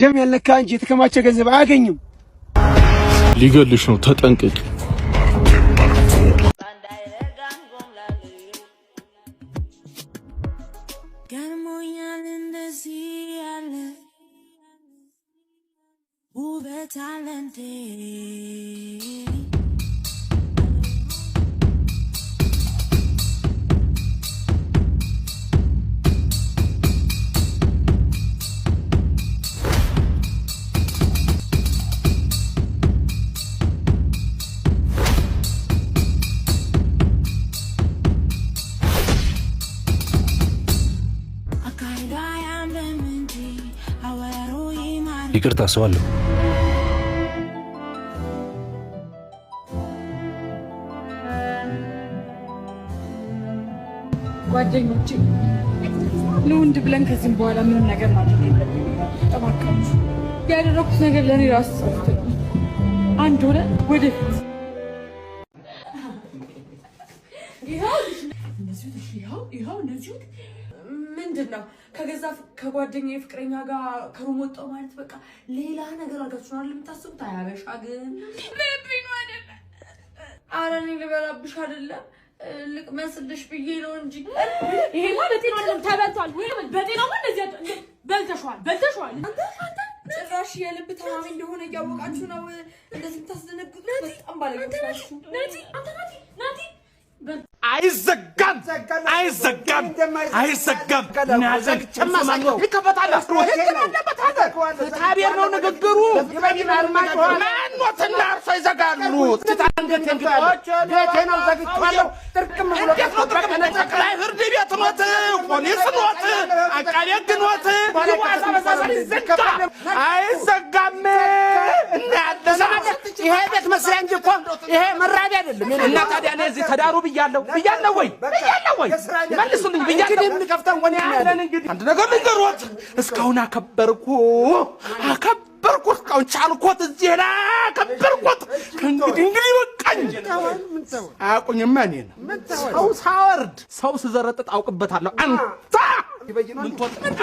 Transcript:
ደም ያልነካ እንጂ የተከማቸ ገንዘብ አያገኝም። ሊገልሽ ነው፣ ተጠንቀቂ። ውበት አለ ይቅርታ ሰው አለሁ። ጓደኞቼ ለወንድ ብለን ከዚህም በኋላ ምንም ነገር ማለት የለብንም። ያደረኩት ነገር ለእኔ ራስ አንድ ሆነ ወደፊት ይኸው እንደዚሁ ምንድን ነው ከገዛ ከጓደኛ የፍቅረኛ ጋር ከሩም ወጣው ማለት በቃ ሌላ ነገር አድርጋችሁ ነው የምታስቡት። አያበሻ ግን ልብኝ አይደለ? እኔ ልበላብሽ አይደለም ልቅመስልሽ ብዬ ነው እንጂ ይሄማ በጤና ተበልቷል። በጤናማ እንደዚህ በልተሸዋል፣ በልተሸዋል። ጭራሽ የልብ ታማሚ እንደሆነ እያወቃችሁ ነው እንደዚህ የምታስደነግጡት። በጣም ባለገ ናቲ ናቲ ናቲ አይዘጋም፣ አይዘጋም፣ አይዘጋም። ናዘግ ነው ንግግሩ። ማኖትና እርሶ ይዘጋሉ። ጥርቅም ጠቅላይ ፍርድ ቤት ኖት፣ ፖሊስ ኖት፣ አቃቤ ኖት። ይዘጋ ይሄ ቤት መስሪያ እንጂ እኮ ይሄ መራቢያ አይደለም። እና ታዲያ እኔ እዚህ ተዳሩ ብያለሁ ብያለሁ ወይ ብያለሁ ወይ መልሱልኝ ብያለሁ። አንድ ነገር ልንገሮት፣ እስካሁን አከበርኩ አከበርኩ፣ እስካሁን ቻልኮት፣ እዚህ ላይ አከበርኩት። እንግዲህ እንግዲህ በቃኝ። አያውቁኝማ ነው ሰው ሳወርድ ሰው ስዘረጥጥ አውቅበታለሁ። አንተ ምን